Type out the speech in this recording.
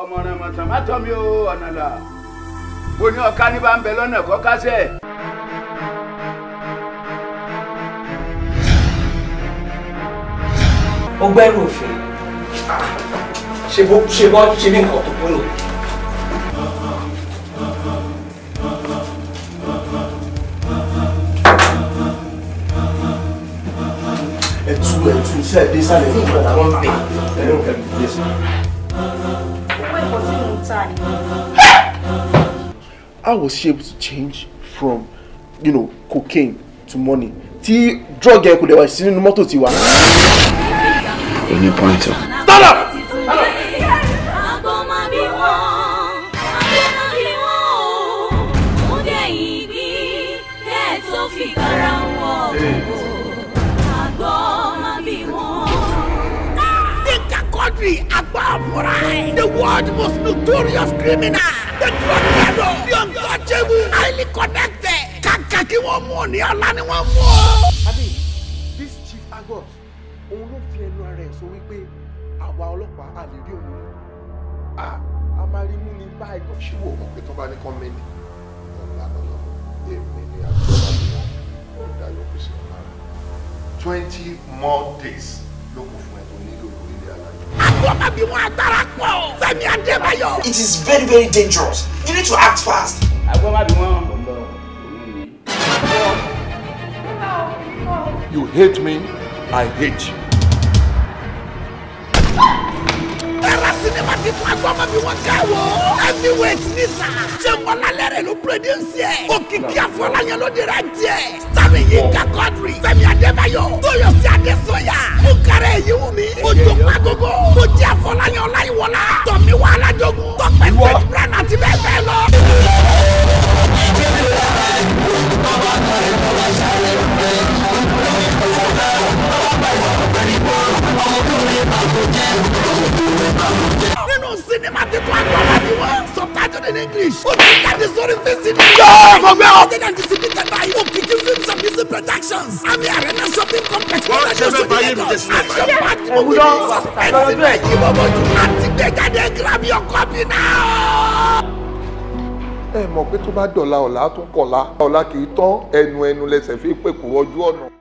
ọmọ ọ̀ràn mọ̀tàn má tọ́ mi o ọ̀nà là bó ní ọ̀ká ní bá ń bẹ lọ́nà kọ́ kásẹ̀. ó gbẹ́rù òfin ṣe bó ṣe bó ṣe ní nǹkan tó gbẹ́rù. ẹtú ẹtú iṣẹ́ ìdí sálẹ̀ fún ìgbà táwọn ń pè é ẹ̀rọ kẹ́kẹ́ ìdí sí i concerned. How was she able to change from, you know, cocaine to money? The drug yẹn kò dẹ̀ wá sí nínú mọ́tò tiwa. O ní point o. Stand up! Agbọ́n mi wọ́n. Think accordingly, agbọ́n fúnra ẹ̀ world's most notorious criminal. The drug dealer. The untouchable. Highly connected. Kaka, kí wọ́n mú ọ ní ọ̀la ni wọ́n mú ọ. Abi, this chief Agus, òun ló fi ẹnu ara ẹ̀ sọ wípé àwa ọlọ́pàá a lè rí òun mú. A a máa rí mú ní báyìí. Ṣíwò mọ̀ pé tó bá ní kọ́mẹ́ntì, ọ̀la lọ́lọ́, èmi ni àgbọ̀lá ni wọ́n ó dá yọkù sí ọ̀la. Twenty more days ló kù fún ẹ tó nílò lórí ọmọ bí wọn agbára pọ̀. Fẹ́mi Adébáyọ̀. It is very very dangerous. You need to act fast. Àgbọ̀ má bí wọ́n. You hate me, I hate you. Ẹ̀rọ sinimá ti fún àgbọ̀ ọmọ mi wọ́n ká wò. Heavyweight ní sà. Ṣé Mọ́lálẹ́rẹ̀ ló pèrè dé sí ẹ̀? Òkìkí àfọláyàn ló dira díẹ̀. Sáré yìí kakọ́ ológun tọpẹ stage brand àti bẹ́ẹ̀ bẹ́ẹ̀ lọ. nínú sinimá ti tó agbára ni wọ́n subtitled in English ó ti jáde sórí fèsì ní. yóò mọ̀ bẹ́ẹ̀ o. ti jáde sí ní tẹ́tà protections. Ami Arena shopping complex wọ́n lọ́jọ́ sódì Lagos. Action pack movie suspense ẹ̀yìn bọ́bọ́jú. Àti gbẹ̀jáde grab your copy now. Ẹ mọ̀ pé tó bá dọ̀la ọ̀la á tún kọ̀la. Ọ̀la kì í tán ẹnu ẹnu lẹsẹ̀ fi pèkú ọjọ́ ọ̀nà.